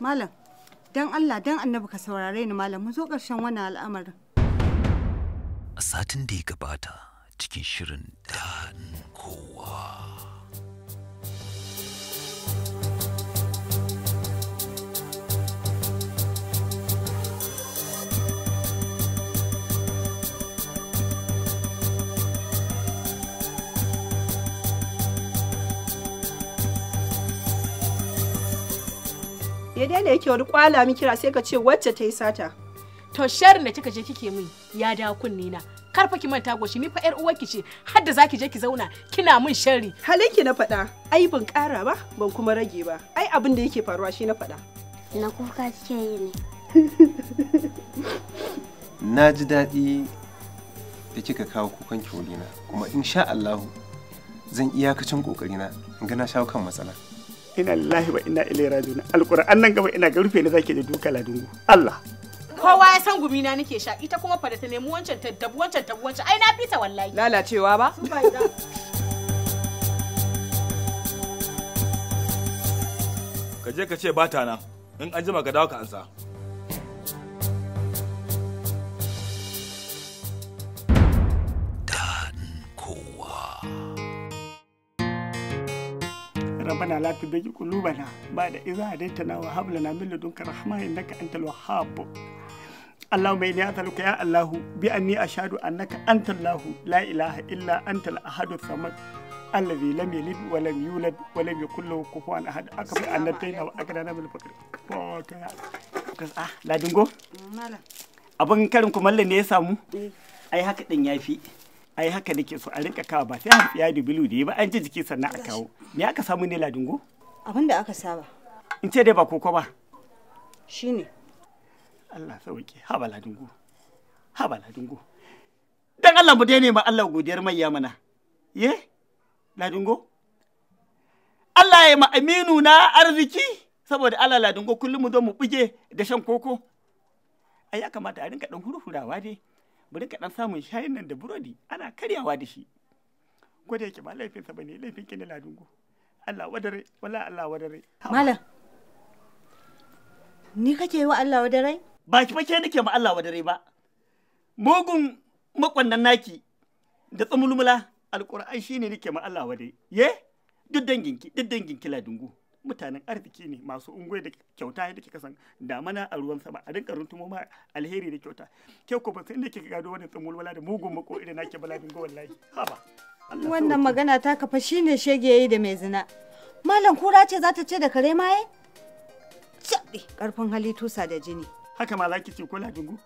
malam don Allah don annabi ka saurare ni malam mu zo ƙarshen wannan al'amarin a satin da ya gabata cikin shirin da kowa ya daina yake wani kwala min kira sai ka ce wacce ta yi sata to sharin da kika je kike min ya da kunni na kar fa ki manta goshi ni fa yar ki ce har da zaki je ki zauna kina min sharri ki na faɗa ai ban ƙara ba ban kuma rage ba ai abin da yake faruwa shi na faɗa na kuka kike yi ne na ji daɗi da kika kawo kukan ki wurina kuma insha Allahu zan iyakacin ƙoƙarina in ga na shawo kan matsala ina lahi wa ina ilaihi rajiun an nan gaba ina ga rufe ne zake da duka ladungu Allah kowa ya san gumi na nake sha ita kuma fara ta nemi wancan ta dabu wancan ta wancan ai na fita wallahi lalacewa ba ka je ka ce ba nan in an jima ka dawo ka ansa ربنا لا تزغ قلوبنا بعد إذا هديتنا وهب لنا من لدنك رحمة إنك أنت الوهاب اللهم إني أسألك يا الله بأني أشهد أنك أنت الله لا إله إلا أنت الأحد الصمد الذي لم يلد ولم يولد ولم يكن له كفوا أحد أكبر أن نتينا وأكرنا من الفقر لا دنقو abin karin kumallo ne ya samu ai haka ai haka nake so a rinka kawo ba sai hafiya da bilu da ba an ji jiki sannan a kawo me aka samu ne ladungo abin da aka saba in ce dai ba koko ba shine Allah sauke haba ladungo haba ladungo dan Allah mu daina ma Allah godiyar mai mana ye ladungo Allah ya ma aminu na arziki saboda Allah ladungo kullum mu zo mu buge da shan koko ai ya kamata a rinka dan hurhurawa dai bari ka dan samun shayin nan da burodi ana karyawa da shi ko da yake ba sa bane laifin ki ne ladungu Allah wadare wala Allah wadare malam ni kake wa Allah wadare ba ki ba ke nake ma Allah wadare ba mugun makwannan naki da tsamulmula alquran shine nake ma Allah wadare ye duk danginki duk danginki ladungu mutanen arziki ne masu unguwa da kyauta yadda kika san damana a ruwan sama a rinka runtumo ma alheri da kyauta ke ko ba sai inda kika gado wannan tsamulwala da mugun mako idan nake balabin ga wallahi haba wannan magana ta kafa shine shege yayi da mai zina malam kura ce za ta ce da kare maye cabe ƙarfin hali tusa da jini haka ma zaki ce ko ladungu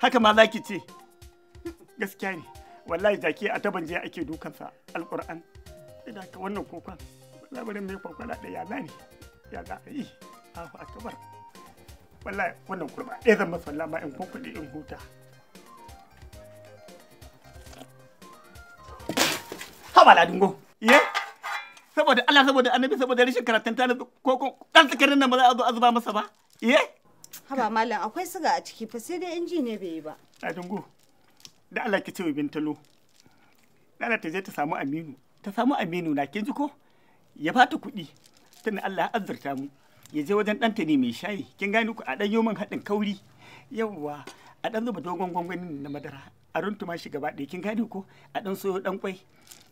haka ma zaki ce gaskiya ne wallahi jaki a taban je ake dukansa Alkur'an idan ka wannan kokon labarin mai kwakwala da ya zani ya za a yi a akabar wallahi wannan kurba ɗaya zan masa lama in kwakwali in huta haba ladungo ye saboda Allah saboda annabi saboda rashin karatun ta ko ko dan tsakarin nan ba za a zo a zuba masa ba ye haba malam akwai siga a ciki fa sai dai inji ne bai yi ba ladungo da Allah ki ce wa bintalo Allah ta je ta samu Aminu ta samu Aminu na kin ji ko ya fata kuɗi tana Allah azurta mu ya je wajen ɗanta ne mai shayi kin gani ku a ɗan man haɗin kauri yawwa a ɗan zuba dogon gwangwani na madara a runtuma shi gaba ɗaya kin gani ko a ɗan soyo ɗan kwai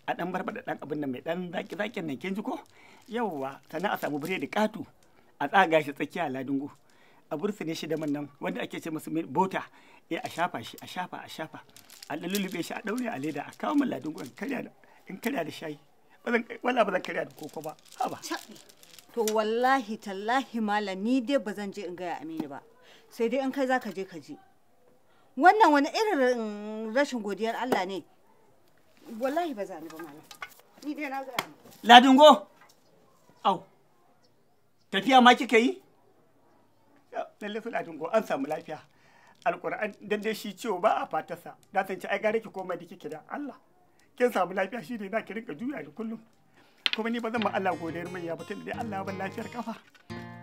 a ɗan barbaɗa ɗan abin nan mai ɗan zaƙi zaƙin nan kin ji ko yawwa sannan a samu biredi katu a tsaga shi tsakiya ladungu a ne shi da nan wanda ake ce masu bota eh a shafa shi a shafa a shafa a lulluɓe shi a ɗaure a leda a kawo min ladungu in karya da shayi wala ba zan karya da koko ba haba to wallahi tallahi malami dai ba zan je in gaya aminu ba sai dai in kai za ka je ka je wannan wani irin mm, rashin godiyar Allah ne wallahi ba zani ba malam ni dai na gaya ladungo au tafiya ma kika yi lalle su ladingo an samu lafiya alƙur'an dan dai shi ciwo ba a fatarsa da san ci ai gare ki komai da kike da Allah kin samu lafiya shi ne na ki rinka juya da kullum kuma ni ba zan ma Allah godiyar mai ya tunda dai Allah ban lafiyar kafa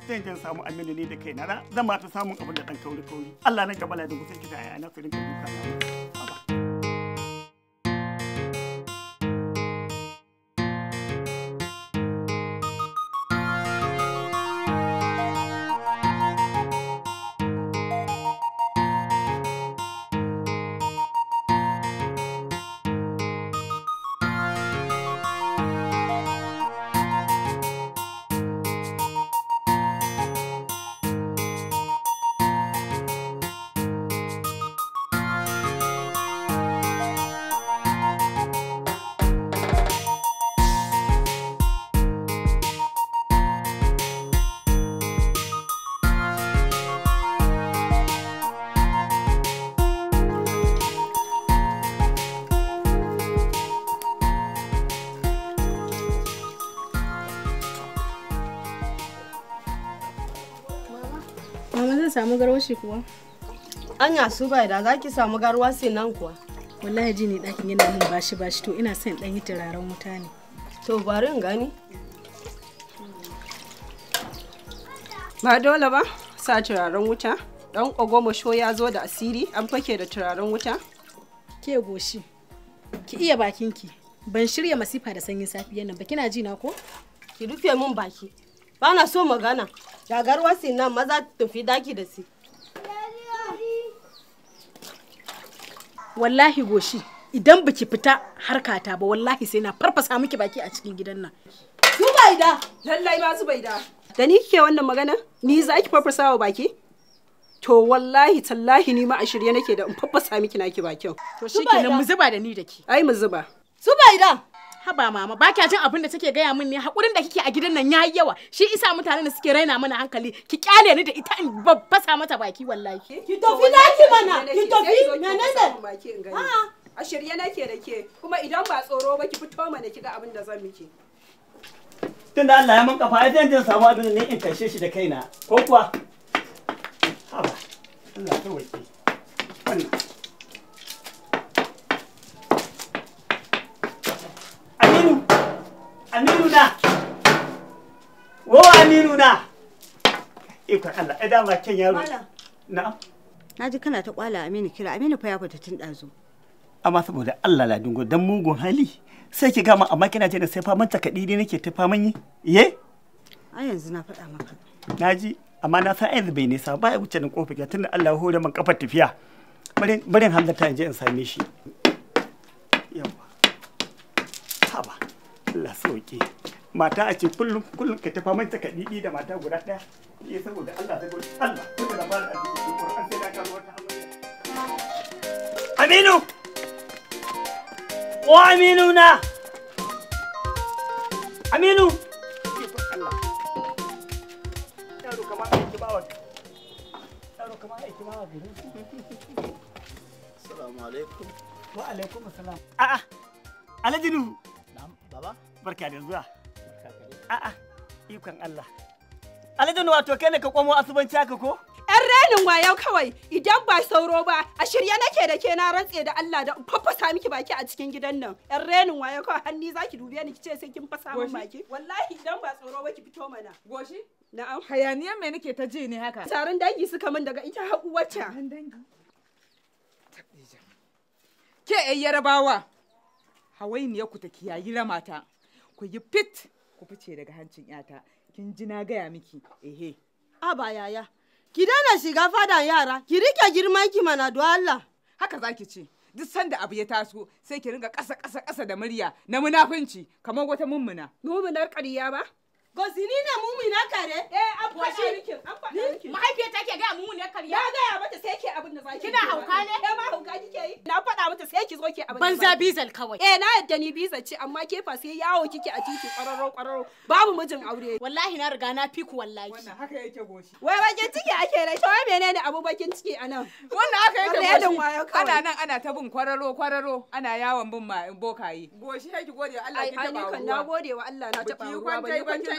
zan jin samu aminu ne da kai na zan ma ta samun abin da dan kauri kauri Allah nan ka bala da gutsin kita ya na su rinka duka Mama zan samu garwashi kuwa? Anya su bai da za ki samu sai nan kuwa. Wallahi ji ne ɗakin yana min bashi bashi to ina son ɗan yi turaren wuta ne. To bari in gani. Ba dole ba sa turaren wuta. Ɗan masho ya zo da asiri an fake da turaren wuta. Ke goshi, ki iya bakinki. Ban shirya masifa da sanyin safiyar nan ba kina ji na ko? Ki rufe min baki. Ba na so magana. shagar wasi nan maza tufi daki da si wallahi goshi idan biki fita harkata ba wallahi sai na farfasa miki baki a cikin gidan nan zubaida lallai ma zubaida da ni kike wannan magana ni za ki farfasa wa baki to wallahi tallahi ni ma a shirye nake da in farfasa miki naki bakin to shikenan mu zuba da ni da ki ai mu zuba zubaida haba mama ba kya jin abin da take gaya min ne hakurin da kike a gidan nan yayi yawa shi isa mutanen da suke raina mana hankali ki kyale ni da ita in babbasa mata baki wallahi ki tafi daki mana ki tafi na nan ah. a shirye nake da ke kuma idan ba tsoro ba ki fito mana ki ga abin da zan miki tunda Allah ya mun kafa ai zan jin samu abin ne in tashe shi da kaina ko kuwa haba Allah ta wuce wannan Wo Aminu na? Ikon Allah, ai dama ken yaro. Na'am. Na ji kana ta kwala Aminu kira, Aminu fa ya fita tun ɗazu. Amma saboda Allah la dungo dan mugun hali sai ki gama amma kina jin sai faman takaɗi ne nake ta faman yi. Ye? A yanzu na faɗa maka. Na ji, amma na san yanzu bai nisa ba ya wuce nan kofar gida tunda Allah ya hore man kafar tafiya. Barin Hamza ta je in same shi. Yawa. Haba. Allah sauke. mata a ce kullum kullum ka tafa manta ka didi da mata guda daya ya saboda Allah sai gode Allah kuma da fara addini Qur'an sai da ka wata Aminu O Aminu na Aminu Allah yaro kamar aiki bawa yaro kamar aiki bawa gari Assalamu alaikum Wa alaikum assalam A'a Alhaji Nuhu Na'am baba barka da zuwa A'a, ikon Allah. Alhaji wato kai ne ka kwamo asubanci haka ko? ‘Yan renin wayau kawai idan ba sauro ba a shirye nake da ke na rantse da Allah da faffasa miki baki a cikin gidan nan. ‘Yan renin wayau kawai hanni za ki dube ni ki ce sai kin fasa min baki. Wallahi idan ba tsoro ba ki fito mana. Goshi? Na'am. Hayaniyan me nake ta ji ne haka? Taron dangi suka min daga ita haƙu wacce. Tarin dangi. Ke ‘yan yarabawa, ya ku ta kiyayi ramata, ku yi fit ku fice daga hancin yata kin ji na gaya miki ehe a ba yaya ki daina shiga fadan yara ki rike girman ki mana do Allah haka zaki ce duk sanda abu ya taso sai ki ringa ƙasa ƙasa ƙasa da murya na munafunci kamar wata mummuna mummunar ƙarya ba Gozini ne mumu na kare? Eh, an faɗa miki, an faɗa miki. Mahaifiyar take gaya mumu na kare. Na gaya mata sai ke abin da zaki. Kina hauka ne? Eh, ma hauka kike yi. Na faɗa mata sai ki zo ki abin da Banza bizal kawai. Eh, na yadda ni bizal ce amma ke fa sai yawo kike a titi kwararo kwararo. Babu mijin aure. Wallahi na riga na fiku wallahi. Wannan haka yake goshi. Wai bakin ciki ake rai, to wai menene abu bakin ciki anan? Wannan haka yake goshi. Ana nan ana ta bin kwararo kwararo, ana yawon bin bokaye. Goshi yake gode Allah ki taba ruwa. Ai, na gode wa Allah na taba ruwa. Ki kwanta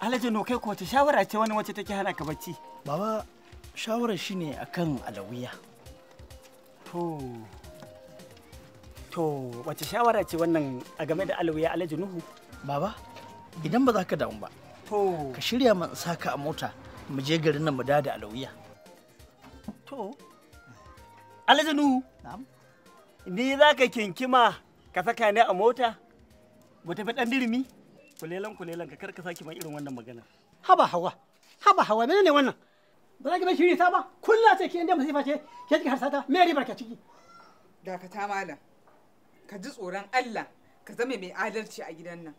Alhaji no kai ko ta shawara ce wani wacce take hana ka bacci. Baba shawara shine akan alawiya. To To wace shawara ce wannan a game da alawiya Alhaji Nuhu? Baba idan ba za ka damu ba. To ka shirya man saka a mota mu je garin nan mu da da alawiya. To Alhaji Nuhu. Na'am. Ni za ka kinkima ka saka ni a mota? Mu tafi dan dirimi? kulelan kulelan ka karka saki ma irin wannan magana haba hawa haba hawa menene wannan ba za ki bar shiri ta ba kulla ce ki inda masifa ce ke ki harsata me ribar ka ciki dakata malam ka ji tsoron Allah ka zama mai adalci a gidan nan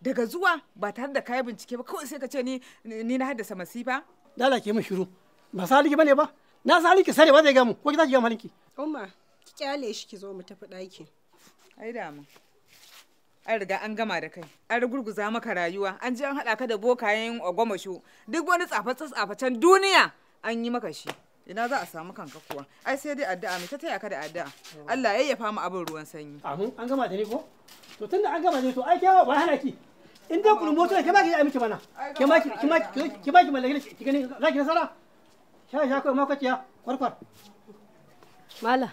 daga zuwa ba tare da kayan bincike ba kawai sai ka ce ni ni na haddasa masifa dala ke mun shiru ba saliki bane ba na saliki sare ba zai gamu ko ki za ki ga malinki umma ki kyale shi ki zo mu tafi daki ai da mu an riga an gama da kai an gurguza maka rayuwa an je an haɗa ka da bokayen ogwamasho duk wani tsaface-tsafacen duniya an yi maka shi ina za a samu kanka kuwa ai sai dai addu'a mai ta taya ka da addu'a Allah ya yafa mu abin ruwan sanyi amin an gama da ni ko to tunda an gama ne to ai kyawa ba hana ki in dai kullum motar ke ba ki miki bana ke ba ki ke ba ki mallake ki gani za ki nasara sha sha ko ma kwaciya kwarkwar mala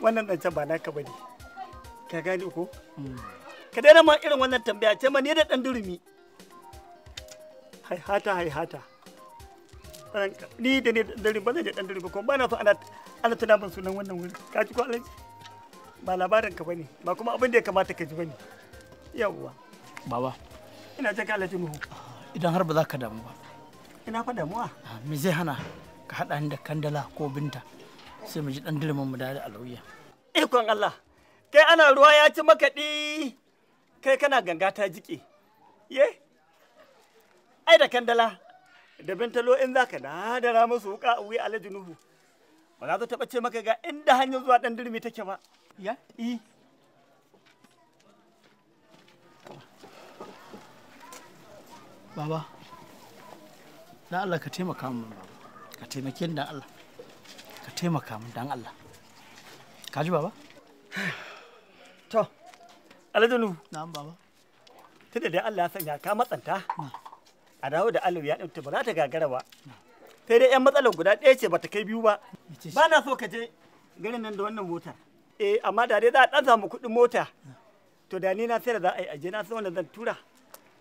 wannan can ba naka bane ka gane ko ka daina ma irin wannan tambaya ce ma ni da ɗan durumi haihata haihata ni da ne ɗan durumi ba zan je ɗan durumi ko ba na so ana tuna ban sunan wannan wuri ka ci ko alaji ba labarin ka bane ba kuma abin da ya kamata ka ji bane yawwa baba ina jin ka alaji idan har ba za ka damu ba ina fa damuwa ah, me zai hana ka haɗa ni da kandala ko binta sai mu ji dan dirmin mu da alawiya ikon Allah kai ana ruwa ya ci makaɗi kai kana ganga ta jike ye ai da kandala da bintalo in zaka na su wuka a wuya alaji nuhu ba za ta taba ce maka ga inda hanyar zuwa ɗan dirmi take ba ya i baba na Allah ka taimaka mu ka taimake ni da Allah ka taimaka min dan Allah ka ji baba to aladunu na'am baba tunda dai Allah ya sanya ka matsanta a dawo da alu ya ɗauke ba za ta gagara ba sai dai yan matsalar guda ɗaya ce bata kai biyu ba ba na so ka je garin nan da wannan mota. eh amma da dai za a ɗan samu kuɗin mota to da ni na sai da za a yi aje na san wanda zan tura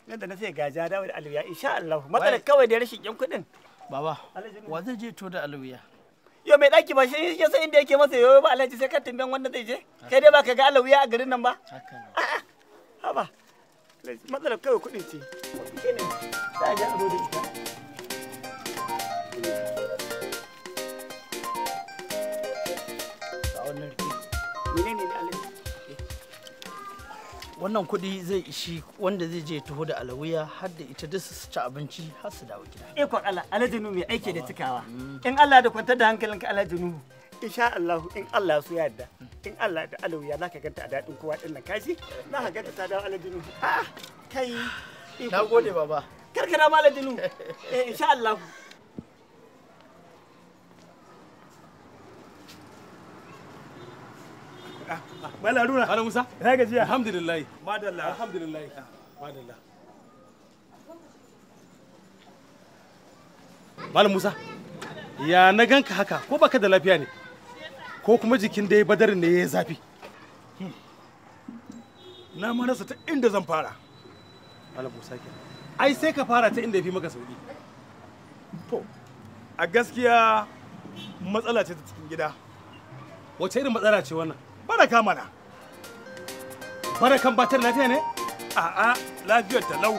nan da na sai gaja dawo da alu ya insha Allah matsalar kawai da rashin yan kuɗin baba wa zai je to da ya? yo mai daki ba shi ya san inda yake masa yo ba alhaji sai ka tambayan wanda zai je kai dai ba ka ga alawiya a garin nan ba ah, ah. haba matsalar kawai kuɗi ce shi ne za a je a zo da ita wannan kuɗi zai ishi wanda zai je taho da alawiya har da ita duk su ci abinci har su dawo gida. Ikon eh, Allah alajinu mai aiki da cikawa. Mm. In Allah da kwantar da hankalinka alajinu. Insha Allah in Allah su yarda. In Allah da alawiya za ka ganta a daɗin kowa ɗin nan kashi, za ka ganta ta dawo alajinu. Ah, kai. Na gode baba. Karkara ma alajinu. Eh, insha Allah. Mala Haruna. Mala Musa. Na gajiya. Alhamdulillah. Madalla. Alhamdulillah. Madalla. Mala Musa. Ya na ganka haka ko baka da lafiya ne? Ko kuma jikin dai badarin ne ya yi zafi? Hmm. Na ma rasa ta inda zan fara. Mala Musa kenan. Ai sai ka fara ta inda ya fi maka sauki. To, a gaskiya matsala ce ta cikin gida. Wace irin matsala ce wannan? baraka mana barakan batar lafiya ne a'a lafiyar talau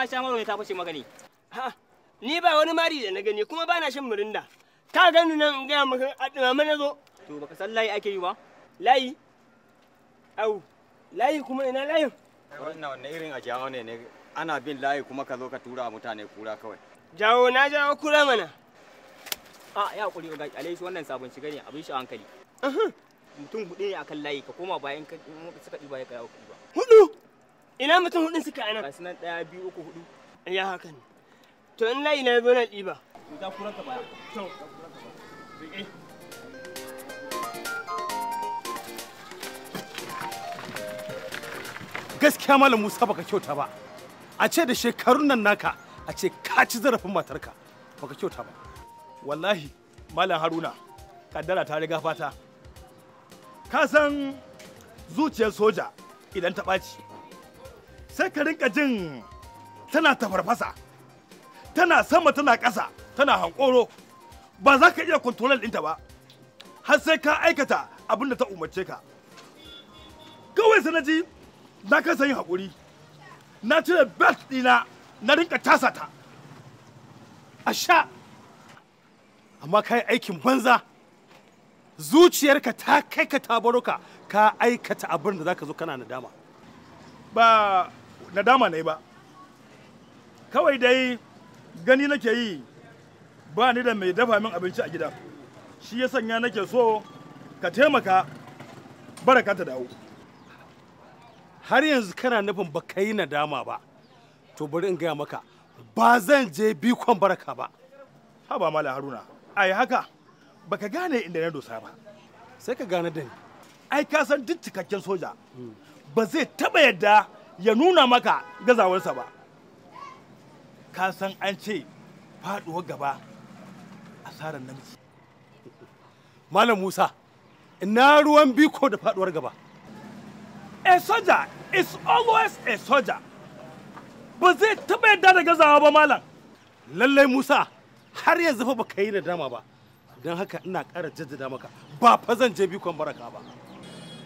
ka sha maro ta fashe magani ha ni ba wani mari da na gani kuma ba na shan murinda ka gani nan in gaya maka a dumama na zo to baka san layi ake yi ba layi au layi kuma ina layin wannan wannan irin a jawo ne ne ana bin layi kuma ka zo ka tura mutane kura kawai jawo na jawo kura mana a ya kuri ga alai shi wannan sabon shiga ne abin shi hankali mutum hudu ne akan layi ka koma bayan ka suka ɗi ya ka yawo ka ba. hudu ina mutum hudun suka anan A nan daya biyu uku hudu ya haka ne to in layi na zo na ɗiba za ku ranka baya to gaskiya malam musa baka kyauta ba a ce da shekarun nan naka a ce ka ci zarafin matarka baka kyauta ba wallahi malam haruna kaddara ta riga fata ka san zuciyar soja idan ta ɓaci sai ka rinka jin tana tafarfasa tana sama tana ƙasa tana hankoro ba za ka iya kontrolar ɗinta ba har sai ka aikata abin da ta umarce ka kawai sai na ji na kasa yin haƙuri na cire belt ɗina na rinka tasa ta a sha amma ka aikin banza zuciyarka ta kai ka tabaruka ka aikata abin da za ka zo kana nadama ba na dama yi ba kawai dai gani nake yi ba ni da mai dafa min abinci a gida shi ya sanya nake so ka taimaka baraka ta dawo har yanzu kana nufin ba ka yi nadama ba to bari in gaya maka ba zan je bikon baraka ba haba mala haruna ai haka baka gane inda na dosa ba sai ka gane da ni ai ka san duk cikakken soja hmm. ba zai taba yadda ya nuna maka gazawarsa ba ka san an ce faduwar gaba asarar namiji malam musa ina ruwan biko da faduwar gaba a soja is always a soja ba zai taɓa yadda da gazawa ba malam lallai musa har yanzu fa baka yi da dama ba don haka ina ƙara jaddada maka ba fa zan je bikon baraka ba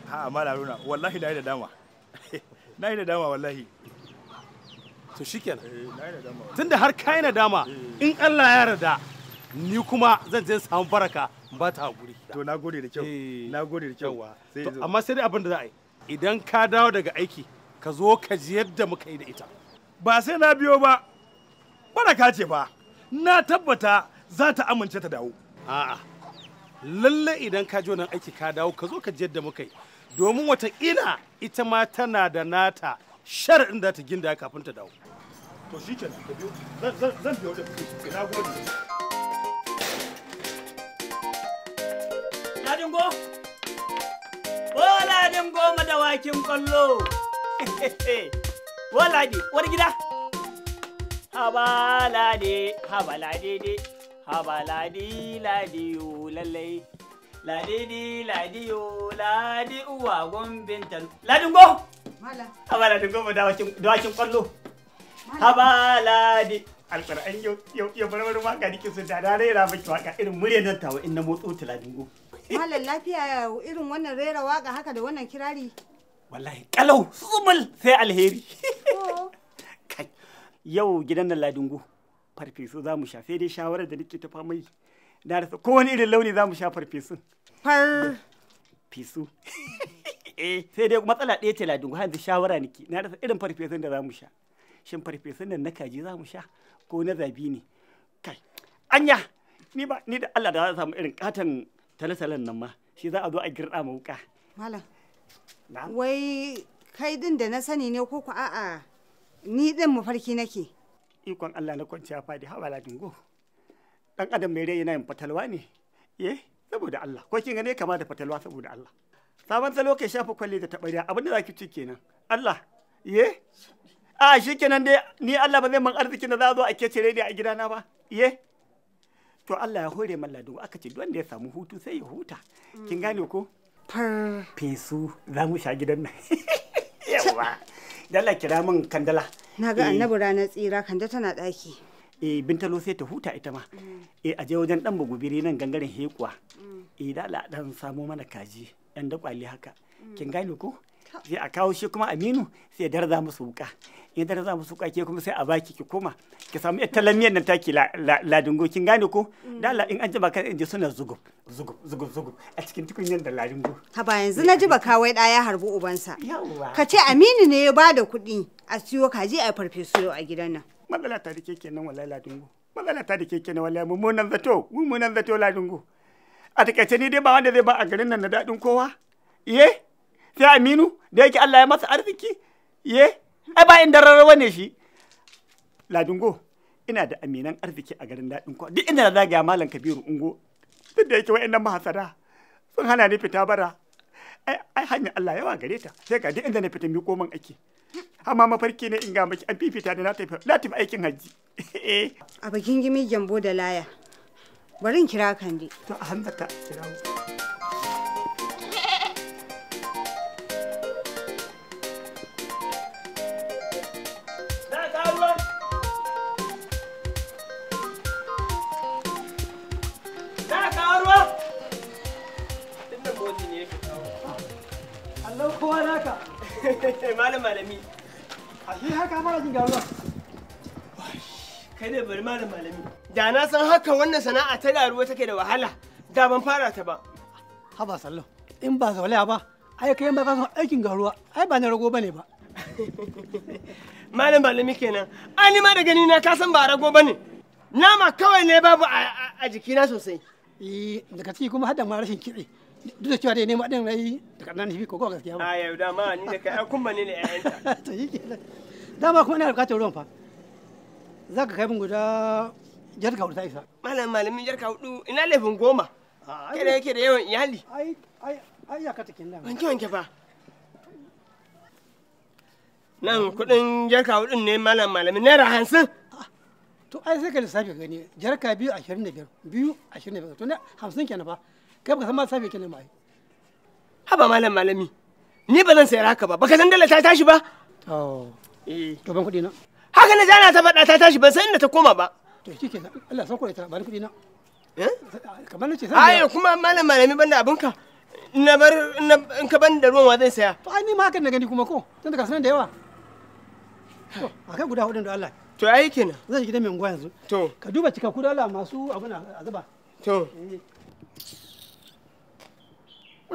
ha malam runa wallahi na yi da dama na yi nadama wallahi to shikenan eh, tunda har kai nadama in Allah ya yarda ni kuma zan je samu baraka ba ta hakuri to na gode da kyau eh. na gode da kyau amma sai dai abin da za a yi idan ka dawo daga aiki ka zo ka ji yadda muka yi da ita ba sai na biyo ba baraka ce ba na tabbata za ta amince ta dawo a'a lalle idan ka ji wannan aiki ka dawo ka zo ka ji yadda muka yi domin watakila ita ma tana da nata sharaɗin da ta ginda kafin ta dawo to shi ke zan biyo da na gode ladingo o ladingo madawakin kwallo o ladi uwar gida haba Ladi, haba Ladi de haba ladi ladi lallai ladidi ladiyo ladi uwa gombin talo. ladin go mala haba ladin go dawakin dawakin kwallo haba ladi alquran yau yau yau bar wani waka dike su da dare ra miki waka irin murya nan tawa in na motso ta ladin go malam lafiya irin wannan rera waka haka da wannan kirari wallahi kalau sumul sai alheri oh. yau gidan nan ladin go za mu shafe dai shawarar da nake ta famai na rasa ko wani irin launi za mu sha farfesun far fisu eh. sai dai matsala ɗaya ce ladungu hanzu shawara niki na rasa irin farfesun da za mu sha shin farfesun nan na kaji za mu sha ko na zabi ne kai anya ni ba ni da Allah da za samu irin katon talasalan nan ma shi za a zo a girda ma wuka malam wai kai din da na sani ne ko ku a'a ni din mafarki nake ikon Allah na kwanciya fadi hawa ladungu dan adam mai rai yana yin fatalwa ne Ye. Eh, saboda Allah ko kin gane kama da fatalwa saboda Allah sabon salo kai shafa kwalle da tabariya abinda zaki ci kenan Allah ye eh? a shikenan dai ni Allah ba zai man arziki da za zo a kece rai a gidana ba ye eh? to Allah ya hore man ladugo aka ce wanda ya samu hutu sai ya huta kin gane ko fesu za mu sha gidan nan yawa dalla kira min kandala na ga annabi ranar tsira kanda tana daki e bintalo sai ta huta ita ma e a je wajen dan bugubiri nan gangaren hekuwa e da dan samo mana kaji yan da kwali haka kin gane ko sai a kawo shi kuma aminu sai darza musu wuka in darza musu wuka ke kuma sai a baki ki koma ki samu ita lamiyar nan taki ladingo kin gane ko da la in an ji baka in ji suna zugub zugub zugub zugub a cikin tukunyar da ladingo ha ba yanzu na ji baka wai da ya harbi ubansa ka ce aminu ne ya bada kuɗi a siyo kaji a farfesu a gidan nan matsala ta da ke kenan wallahi ladungu matsala ta da ke kenan wallahi mummunan zato mummunan zato ladungu a takaice ni dai ba wanda zai ba a garin nan na daɗin kowa ye sai aminu da yake allah ya masa arziki ye. ai ba inda rarrawa ne shi ladungo ina da aminan arziki a garin daɗin kowa duk inda na zagaya malam kabiru ungo duk da yake wa'annan mahasara sun hana ni fita bara ai hanyar allah yawa gare ta sai ga duk inda na fita mi koman ake amma mafarki ne in ga maki an fifita da na tafi aikin hajji eh. a bakin gimi jambo da laya bari in kira dai to a hannata kira Malam malami Ashe haka fara jin garuwa. Kai dai bari malam malami. Da na san haka wannan sana'a ta garuwa take da wahala, da ban fara ta ba. Haba sallau, in ba zaulaya ba, ai kai ba ka san aikin garuwa, ai ba na rago bane ba. Malam malami kenan, ni ma da gani na ka san ba rago bane. Nama kawai ne babu a jikina sosai. Eh, daga ciki kuma har da ma rashin kitse. duk da cewa dai nema din rai da kadan hibi ko gaskiya ba a yau ma ni da kai kun kuma ne ne ƴaƴanta to shikenan dama kuma ina bukatar ruwan fa zaka kai mun guda jarka hudu isa malam malamin jarka hudu ina laifin goma kada yake da yawan iyali ai ai ai ya kata kin nan wanke wanke fa nan kudin jarka hudun ne malam malamin naira hamsin to ai sai ka lissafi gani jarka biyu ashirin da biyar biyu ashirin da biyar to ne hamsin kenan fa kai baka san ma safe kenan mai haba malam malami ni ba zan sayar haka ba baka san dalla ta tashi ba to eh to ban kudi na haka ne jana ta fada ta tashi ban san inda ta koma ba to shikenan Allah san ku ta bani kudi na eh kamar ne ce sai ai kuma malam malami banda ka na bar in ka ban da ruwan wa zan saya to ai ni ma haka ne gani kuma ko tun da kasan da yawa to akai guda hudun da Allah to ai kenan zan shiga gidan mai unguwa yanzu to ka duba cika kudi Allah masu abuna azaba to eh.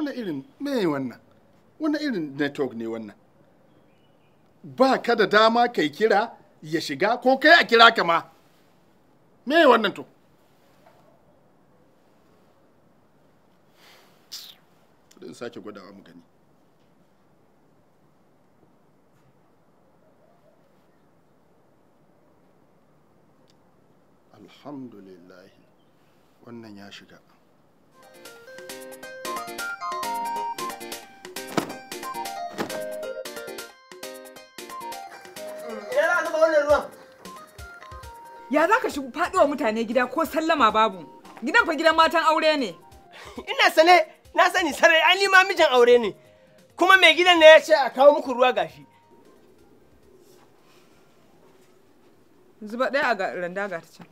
wani irin mai wannan wani irin network ne wannan ba ka da dama kai kira ya shiga ko kai a kira ka ma me wannan to in sake gwadawa mu gani alhamdulillah wannan ya shiga Ya za ka shi faɗiwa mutane gida ko sallama babu? Gidan fa gidan matan aure ne. Ina sane, na sani sarai an ma mijin aure ne. Kuma mai gidan ne ya ce a kawo muku ruwa gashi. Zuba ɗaya a randa ga ta can.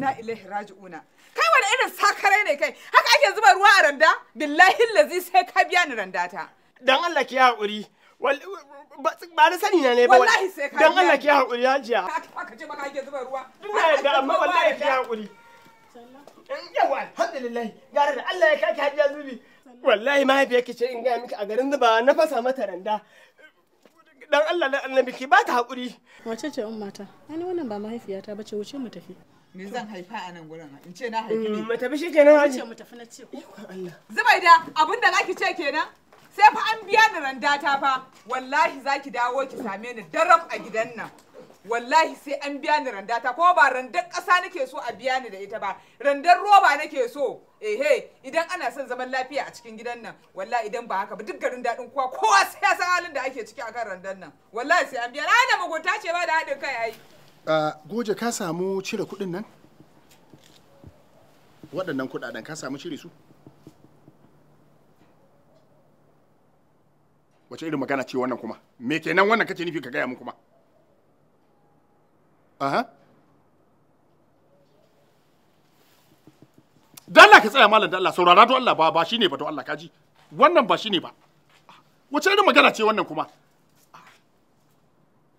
inna ilaihi raji'una kai wani irin sakarai ne kai haka ake zuba ruwa a randa billahi lazi sai ka biya ni randa ta dan Allah ki hakuri ba da sani na ne ba wallahi sai ka dan Allah ki ya jiya ka ka ce maka ake zuba ruwa ina da amma wallahi ki hakuri eh, yawa alhamdulillahi gara da Allah ya kake hajiya zubi wallahi mahaifiyarki ce in ga miki a garin zuba na fasa mata randa dan Allah na annabi ki ba ta hakuri. wace ce ummata ani wannan ba mahaifiyata bace wuce mu tafi Me zan haifa a nan gurin in ce na haifi ne. Mm, mu tafi shikenan haji. Ce mu tafi na ce. Allah. Zubaida abin da zaki ce kenan. Sai fa an biya ni randa ta fa wallahi zaki dawo ki same ni darab a gidan nan. Wallahi sai an biya ni randa ta ko ba randar ƙasa nake so a biya ni da ita ba randar roba nake so ehe idan ana son zaman lafiya a cikin gidan nan wallahi idan ba haka ba duk garin daɗin kowa kowa sai ya san halin da ake ciki akan randar nan wallahi sai an biya na da mugunta ce ba da haɗin kai ai goje ka samu cire kuɗin nan waɗannan kudaden ka samu cire su wace irin magana ce wannan kuma me kenan wannan kace nufi ka gaya mun kuma aha dalla ka tsaya malam dalla saurara to Allah ba ba shine ba to Allah kaji wannan ba shine ba wace irin magana ce wannan kuma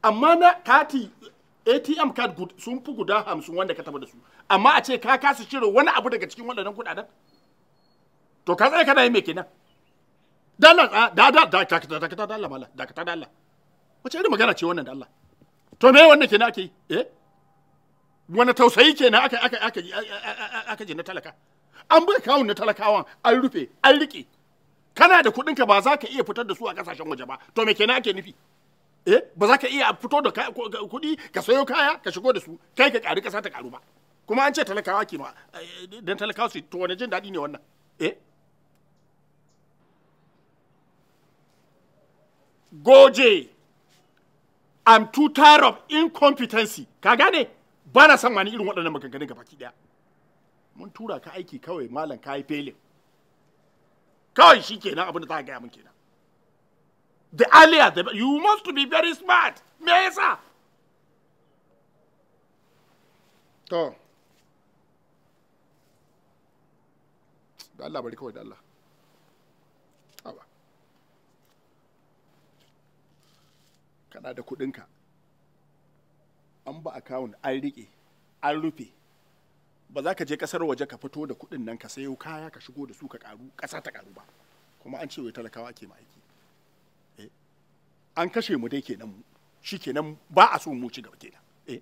amma na kati atm card sun fi guda hamsin wanda ka taba da su amma a ce ka kasa cire wani abu daga cikin waɗannan kuɗaɗen to ka tsaye kana yi mai kenan dalla ah, da da da ta da mala dakata dalla wace irin magana ce wannan da Allah to me wannan kenan ake yi eh wani tausayi kenan aka aka aka aka ji na talaka an buga kawun na talakawan an rufe an rike kana da kuɗinka ba za ka iya fitar da su a kasashen waje ba to me kenan ake nufi eh ba za ka iya fito da kuɗi ka sayo kaya ka shigo da su kai ka ƙari ƙasa ta ƙaru ba kuma an ce talakawa ke eh, don talakawa su to wani jin daɗi ne wannan eh goje i'm too tired of incompetency ka gane ba na san wani irin waɗannan maganganun ga baki ɗaya mun tura ka aiki kawai malam ka yi felin kawai shi kenan abin da za a gaya min kenan the earlier the you must be very smart me yasa to da Allah bari kawai da Allah haba kana da kudinka an ba account an rike an rufe ba za ka je kasar waje ka fito da kudin nan ka sayo kaya ka shigo da su ka karu kasa ta karu ba kuma an ce wai talakawa ke ma aiki an kashe mu dai kenan mu shi kenan ba a so mu ci gaba kenan eh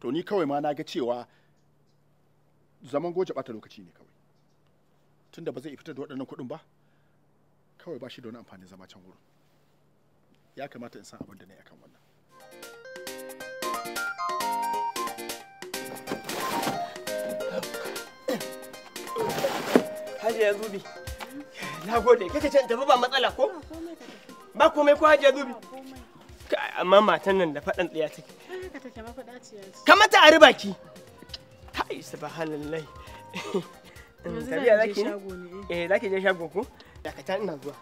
to ni kawai ma na ga cewa zaman goje bata lokaci ne kawai tunda ba zai fita da waɗannan kuɗin ba kawai ba shi da wani amfani zama can wurin ya kamata in san abin da ne akan wannan Hajiya Zubi, na gode, kake ce tafi ba matsala ko? ba komai ko hajiya dubi amma matan nan da faɗan ɗaya take kamata a riba ki kai subhanallahi ya zaki eh, eh zaki je shago ko dakata ina zuwa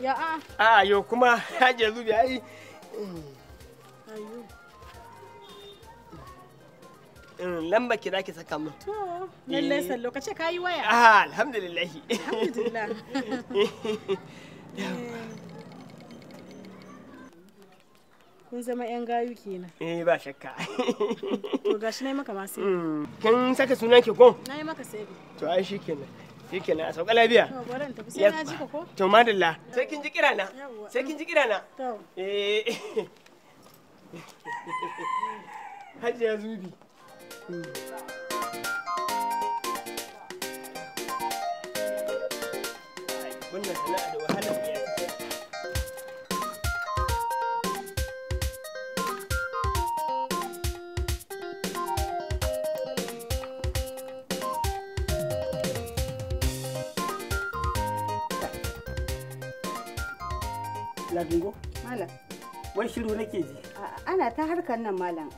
ya a a yo kuma hajiya dubi ai lamba ki zaki saka min. To, lallai eh. sallo ka ce ka yi waya. Ah, alhamdulillah. Alhamdulillah. Eh. kun zama yan gayu kenan eh ba shakka to gashi nayi maka masu sai mm, kin saka sunan ki ko nayi maka sai to ai shi kenan. Shi kenan a sauka lafiya to bari tafi sai na ji ka ko to madalla sai kin ji kira na sai kin ji kira na to eh hajiya zubi hmm. wannan sana'a da wahalar Lagingo? Malam. Wai shiru nake ji. Ana ta harkar nan malam.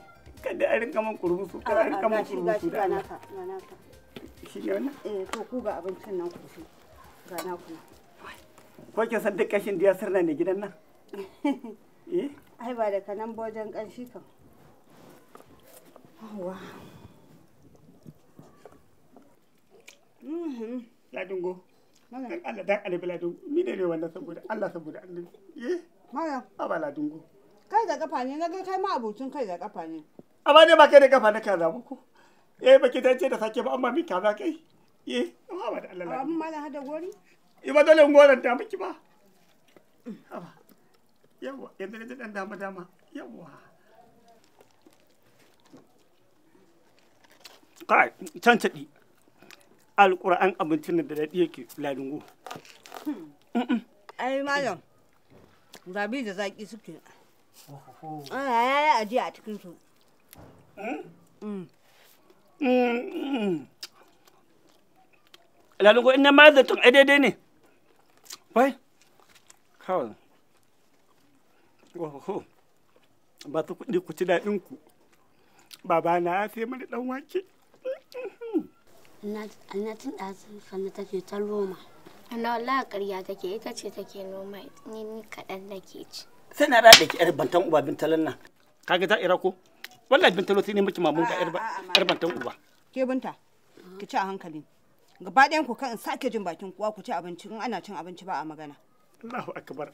Kada a rinka man kurmusu, kada a rinka man kurmusu Shi ne wannan? Eh, to ku ga abincin nan ku ci. Ga na ku. Ko kin san duk kashin sirna ne gidan nan? Eh? Ai ba da kanan bojan kanshi kan. Mhm. dan Allah dan alibi ladungu mine ne wannan saboda Allah saboda annabi ye eh? malam aba ladungu kai da kafa ne na ga kai ma abucin kai da kafa ne amma ne ba kai da kafa ne kaza eh, ba ko eh baki ta ce da sake ba amma mi kaza kai ye eh, amma ba da Allah ladungu amma malam hada gori i ba dole ngoran ta miki ba aba yawa yanda da dan dama dama yawa kai tantaɗi alƙur'an abincin da daɗi yake ladungu. Ai malam, zabi da zaƙi suke. Ana ah, yaya ajiya a cikin su. Mm. Mm. Lalungu ina ma zaton ai daidai ne. Wai, kawai. Ohoho, ba su kuɗi ku ci daɗinku. Baba na ya sai mani ɗan wake. alnatin tun ɗazu sannan take ta noma na wallahi ƙarya take ita ce take noma ni ni kaɗan ke ci sai na rada ki yar bantan uba bintalan nan kaga ta ira ko wallahi bintalo sai ne miki mamun ka yar bantan uba ke binta ki ci a hankali gaba ɗayan ku kan in sake jin bakin kuwa ku ci abinci in ana cin abinci ba a magana Allahu akbar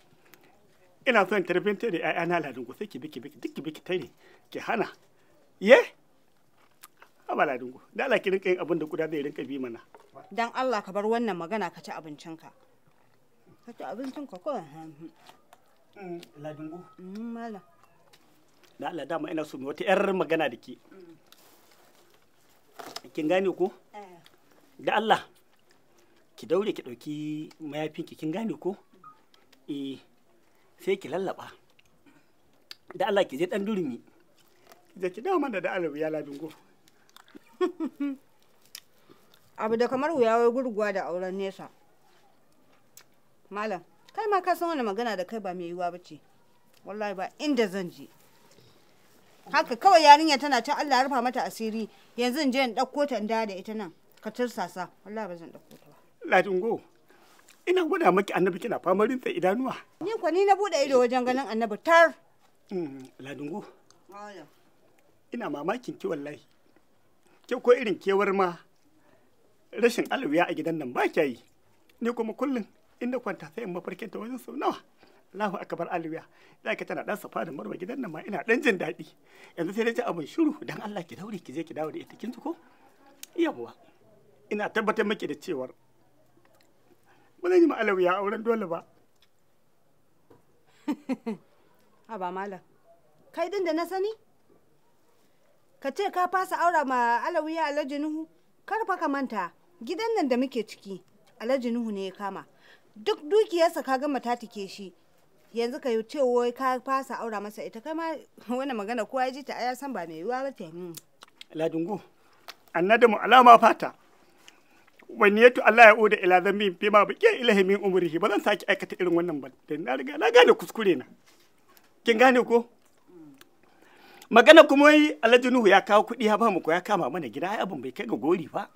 ina son tarbiyyantar da ƴaƴana ladin ku sai ki biki biki duk biki tare ki hana ye haba ladungu da Allah ki rinka yin abin da guda zai rinka bi mana dan Allah ka bar wannan magana ka ci abincinka ka ci abincinka ko mm, ladungu mm, mala da Allah dama ina so wata yar magana da ke kin gane ko eh. da Allah ki daure ki dauki mayafin ki kin gane ko eh sai ki lallaba da Allah ki je dan durmi ki je ki dawo mana da alawi ya ladungu abu da kamar wuyawar gurguwa da auren nesa malam kai ma ka san wani magana da kai ba mai yiwuwa ba ce wallahi ba inda zan je haka kawai yarinya tana ta Allah rufa mata asiri yanzu in je in ɗauko ta in da ita nan ka tursasa wallahi ba zan ɗauko ta ba ladingo ina gwada maki annabi kina famarin rinsa idanuwa ni kwa ni na bude ido wajen ganin annabi tar mm, ladingo ina mamakin ki wallahi ke ko irin kewar ma rashin alwiya a gidan nan ba kya yi ni kuma kullum inda kwanta sai in mafarkin ta wajen sau nawa Allahu akbar alwiya za ka tana dan safa da marwa gidan nan ma ina dan jin daɗi yanzu sai ji abin shiru dan Allah ki daure ki je ki daure ita kin ji ko buwa ina tabbatar miki da cewar ba zan yi ma alwiya auren dole ba Haba malam kai din da na sani ka ce ka fasa aura ma alawiya alhaji nuhu kar fa ka manta gidan nan da muke ciki alhaji nuhu ne ya kama duk dukiyarsa ka gama ta tike shi yanzu ka yi cewa ka fasa aura masa ita kai ma wani magana kowa ya ji ta ya san ba mai yiwuwa ba ta yi. ladungu mu alama fata wani yato Allah ya oda ila zambi fi ma baki ilahi min umurihi ba zan sake aikata irin wannan ba da na riga na gane kuskure na kin gane ko magana kuma yi alhaji nuhu ya kawo kuɗi ya bamu ko ya kama mana gida ai abin bai kai ga gori ba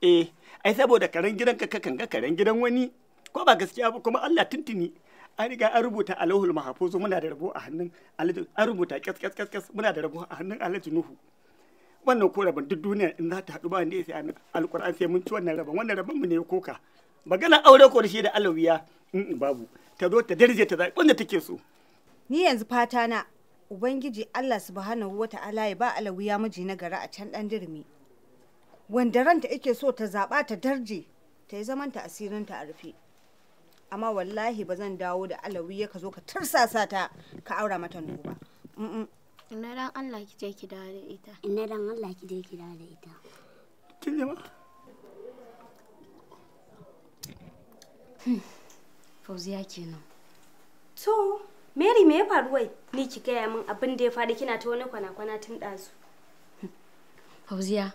eh ai saboda karen gidan ka kakan ga karen gidan wani ko ba gaskiya ba kuma Allah tuntuni an riga an rubuta alahul mahafuzu muna da rabo a hannun alhaji an rubuta kas kas kas muna da rabo a hannun alhaji nuhu wannan ko rabon duk duniya in za ta haɗu ba ne sai alquran sai mun ci wannan rabon wannan rabon mu ne koka magana aure ko da shi da alawiya babu ta zo ta darje ta zaɓi wanda take so ni yanzu fata na Ubangiji Allah subhanahu wa ta'ala ya ba alawiya miji na gari a can ɗan dirmi. Wanda ranta yake so ta zaɓa ta darje ta yi zamanta asirinta a rufe. Amma wallahi ba zan dawo da alawiya ka zo ka tursasa ta ka aura mata ba. Ina dan Allah ki je ki dawo da ita. Ina dan Allah ki je ki dawo da ita. je ma? Hmm. Fauziya kenan. To, Mary me ya faru wai? Ni ki gaya min abin da ya faru kina ta wani kwana-kwana tun ɗazu. Fauziya,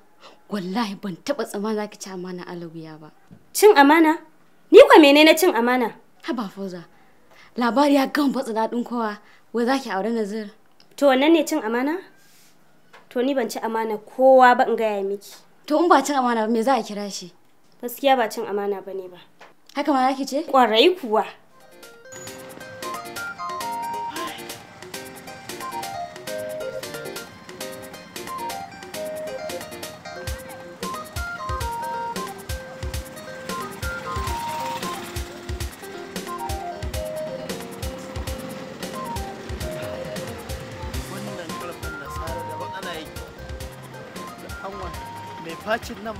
wallahi ban taɓa tsama za ki ci amana alawiya ba. Cin amana? Ni kwa mene na cin amana? Haba Fauza, labari ya gama batsa daɗin kowa, wai za ki aure Nazir. To wannan ne cin amana? To ni ban ci amana kowa ba in gaya miki. To in ba cin amana ba me za a kira shi? Gaskiya ba cin amana ba ne ba. Haka ma za ki ce? Ƙwarai kuwa.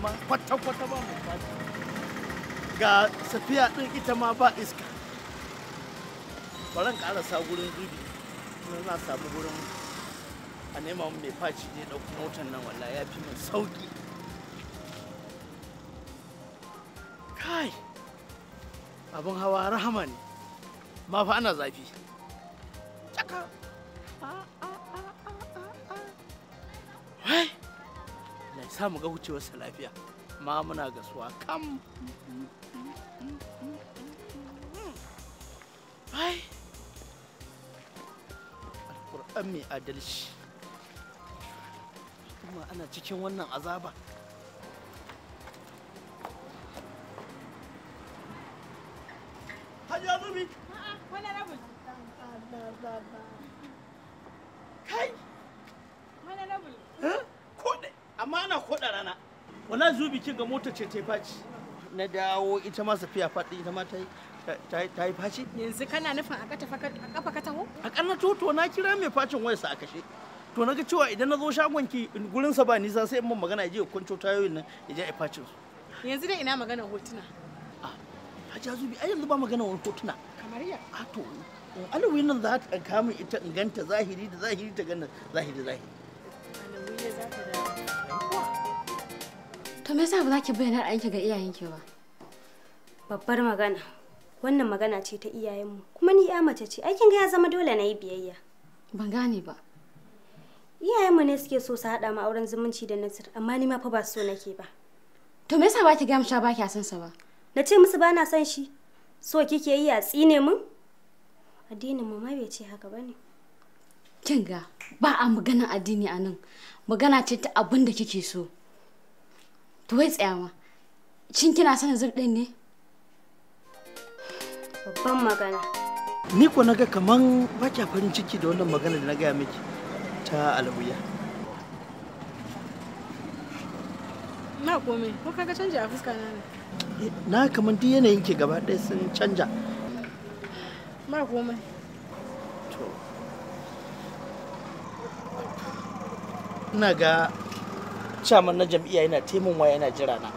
ma kwata-kwata ba mu faɗi ga safiya ɗin ita ma ba iska baran ƙarasa gurin dubi na samu gurin a nema mai faci ne ɗauki motar nan walla ya fi min sauƙi kai abin hawa rahama ne ma fa ana zafi sa mu ga wucewarsa lafiya ma muna gasuwa kam ai alƙur'an mai adalci kuma ana cikin wannan azaba ana zuwa bikin ga mota ce ta yi faci na dawo ita ma safiya faɗi ita ma ta yi ta yi faci yanzu kana nufin a kafa ka taho a ƙarna toto na kira mai facin wayarsa a kashe to na ga cewa idan na zo shagon ki gurin sa ba nisa sai in mun magana je kwanto tayoyin nan ya je a facin su yanzu dai ina magana hotuna a jazubi ai yanzu ba magana wani hotuna kamar ya a to alawi nan za ta kama ita in ganta zahiri da zahiri ta ganta zahiri da zahiri Alawi ne za ta da To me yasa ba za ki bayyana ra'ayinki ga iyayenki ba? Babbar magana. Wannan magana ce ta iyayenmu. Kuma ni ya mace ce. Aikin ga ya zama dole na yi biyayya. Ban gane ba. Iyayenmu ne suke so su haɗa mu auren zumunci da Nasir, amma ni ma fa ba so nake ba. To me yasa ba ki ga sha ba ki san sa ba? Na ce musu ba na son shi. So kike yi a tsine mun? Addinin mu ma bai ce haka bane. Kin ga ba a maganan addini a nan. Magana ce ta abin da kike so. to wai ma, cin kina son zurɗin ne babban magana ni ko naga kaman ba kya farin ciki da wannan magana da na gaya miki ta alabuya. na komai ko kaga canji a fuska na ne eh, na kaman duk yanayin ki gaba ɗaya sun canja Ma komai to ina ga chairman na jam'iyya yana taimun waya yana jira na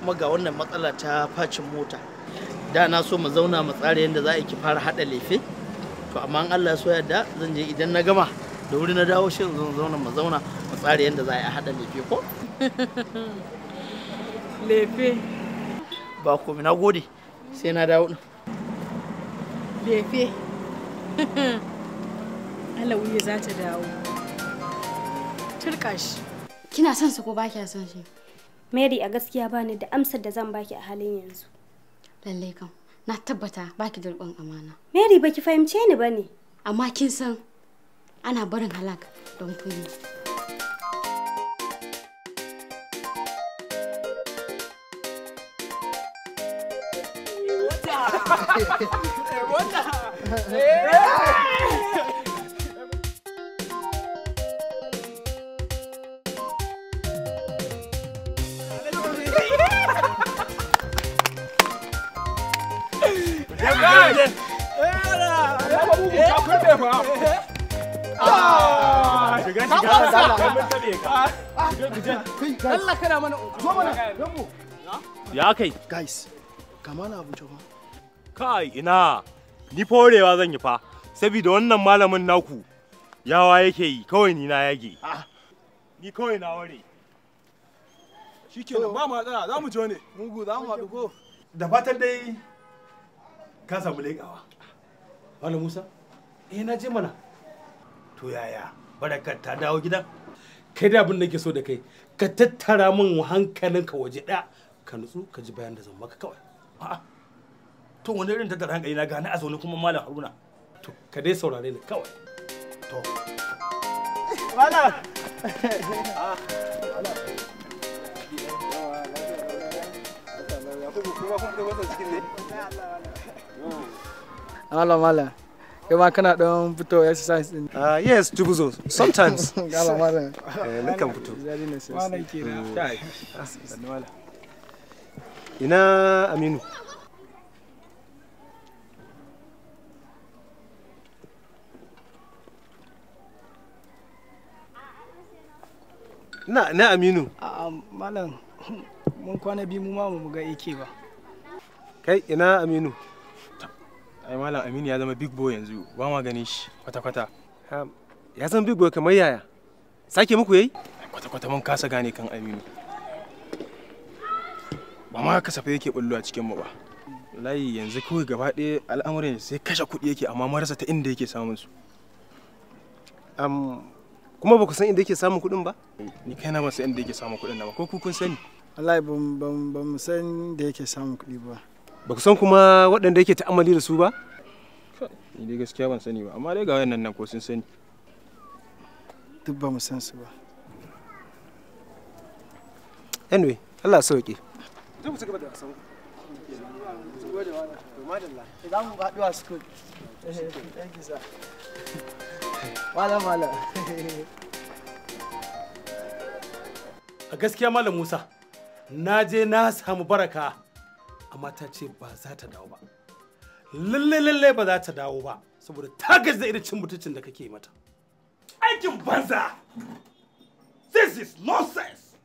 kuma ga wannan matsala ta facin mota da na so mu zauna mu tsara yadda za a ki fara haɗa lefe to amma in Allah so yadda zan je idan na gama da wuri na dawo shi zan zauna mu zauna mu tsara yadda za a haɗa lefe ko lefe ba ku na gode sai na dawo din lefe alawiye za ta dawo turkashi Kina son su ko ba kya son shi? Mary a gaskiya bani da amsar da zan baki a halin yanzu. Lalle kam, na tabbata baki da riƙon amana. Mary baki fahimce ni ba ne. Amma kin san ana barin halak don kunya. Shiga shiga mun Ya kai. Guys, kama na abu ba. Kai ina. Ni forewa zan yi fa. Saboda wannan malamin naku yawa yake yi kawai ni na yage. Ni kawai na ware. Shi ke ba matsala za mu je ne. Mugu za mu haɗu ko. Da fatan dai ka samu leƙawa. Wala Musa? eh na je mana to yaya barakar ta dawo gidan kai da abin da ke so da kai ka tattara min hankalinka waje ɗaya ka nutsu ka ji bayan da zan maka kawai a'a to wani irin tattara hankali na gane a zaune kuma malam haruna to ka dai saurare ni kawai to malam Allah malam kai ma kana dan fito exercise din uh, ah, yes to buzo sometimes gala mara eh nakan fito mm. malam ina aminu na na aminu a ah, ah, malam mun kwana biyu mu ma mu ga ike ba kai ina aminu ai malam aminu ya zama big boy yanzu ba ma ganin shi kwata-kwata ya zama big boy kamar yaya sake muku yayi kwata-kwata mun kasa gane kan aminu ba ma kasafe yake bullo a cikin mu ba wallahi yanzu kawai gaba ɗaya al'amuran sai kashe kuɗi yake amma marasa ta inda yake samun su kuma ba ku san inda yake samun kuɗin ba ni kai na ba san inda yake samun kuɗin ba ko ku kun sani wallahi ban ban ban san da yake samun kuɗi ba ba ku san kuma waɗanda yake ta'amali da su ba ni dai gaskiya ban sani ba amma dai ga wayannan nan ko sun sani duk ba mu san su ba anyway Allah ya sauke zo ku gaba da wasan eh, za mu haɗu a school eh, thank you sir malam malam a gaskiya malam Musa na je na samu baraka amma ta ce ba za ta dawo ba lalle lalle ba za ta dawo ba saboda ta gaji irin cin mutuncin da kake mata aikin banza this is nonsense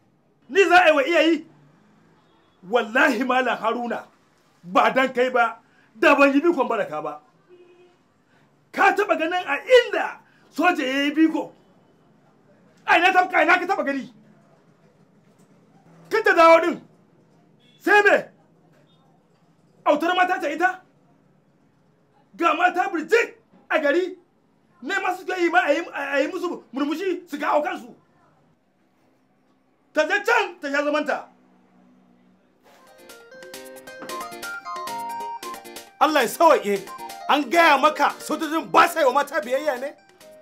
ni za a yi wa iyayi wallahi malam haruna ba dan kai ba da ban yi bikon baraka ba ka taba ganin a inda soja ya yi biko ai na tafka ina ka taba gani kin ta dawo din sai me autar mata ta ita ga mata birjik a gari ne masu ke yi ma a yi musu murmushi su kawo kansu ta je can ta sha zamanta Allah ya sawaƙe an gaya maka sojojin ba sa yi wa mata biyayya ne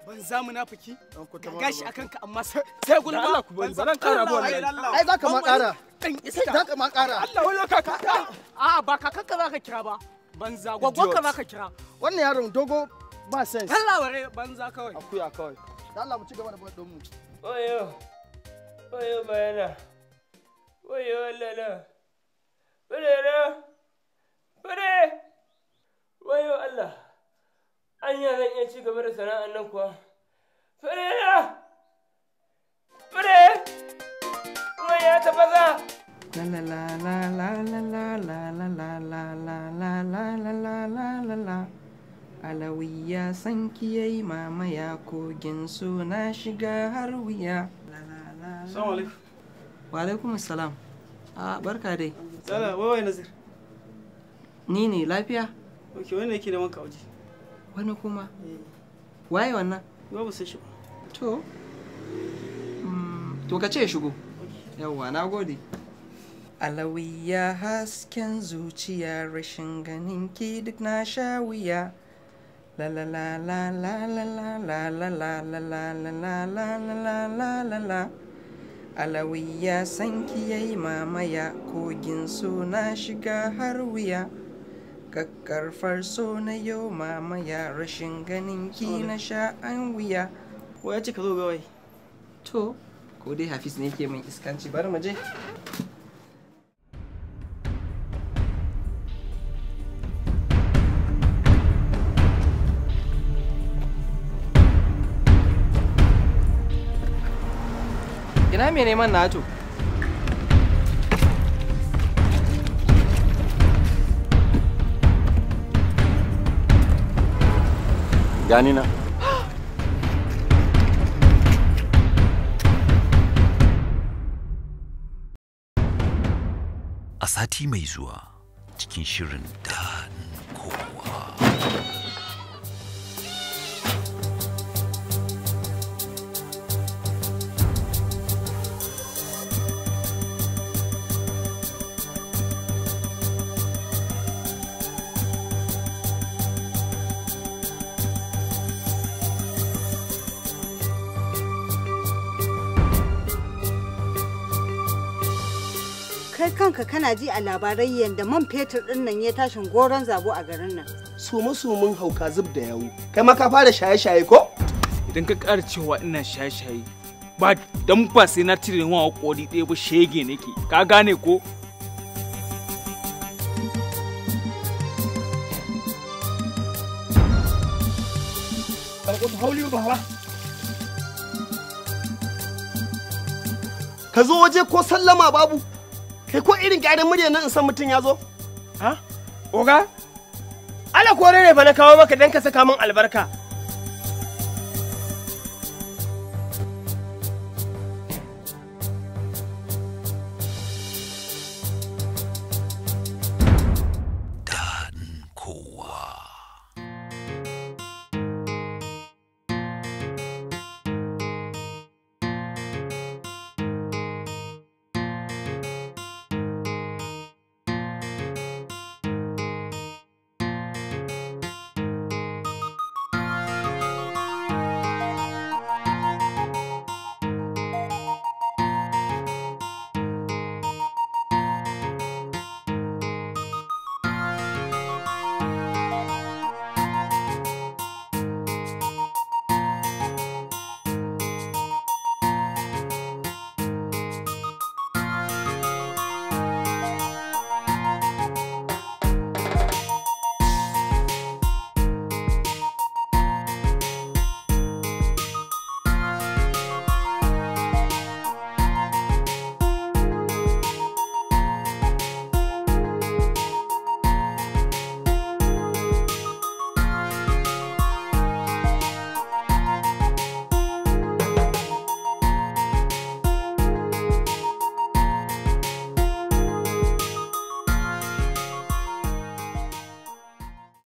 ban za mu nafiki gashi akan ka amma sai gulma Allah ku bari ba zan kara ba wallahi ai zaka ma kara kan iska za ka ma kara Allah wani kaka a ba kaka ka za ka kira ba banza gwaggon ka za ka kira wannan yaron dogo ba sense Allah ware banza kawai akuya kawai Allah mu ci gaba da badon mu oyo oyo bayana oyo lala na bare oyo Allah anya zan iya ci gaba da sana'an nan kuwa Fere! Fere! yaron ya tafi za. Alawi ya san kiyai mama ya kogin so na shiga har wuya. Salamu Wa alaikum salam. A barka dai. Sala, wai Nazir. Ni ne lafiya? Ok, wani ne ke da wanka waje. Wani kuma? Waye wannan? Babu sai shi To, to ka ce shigo. yawwa na gode alawiya hasken zuciya rashin ganin ki duk na sha wuya la la la la la la la la la la la la la la la la la la alawiya sanki yayi mamaya kogin so na shiga har wuya kakkarfar so na yau mamaya rashin ganin ki na sha an wuya waya ci ka zo gawai to ko dai hafiz ne ke min iskanci bari mu je ina mai neman nato gani na sati mai zuwa cikin shirin da kanka kana ji a labarai yadda man fetur din nan ya tashin goron zabo a garin nan. Sumu sumun hauka zub da yawu. Kai ma ka fara shaye-shaye ko? Idan ka ƙara cewa ina shaye-shaye ba dan ba sai na cire wa kori ɗaya ba shege nake. Ka gane ko? Ka zo waje ko sallama babu. kai ko irin gyaran murya nan in san mutum ya zo ha oga ala kore ne fa na kawo maka dan ka saka min albarka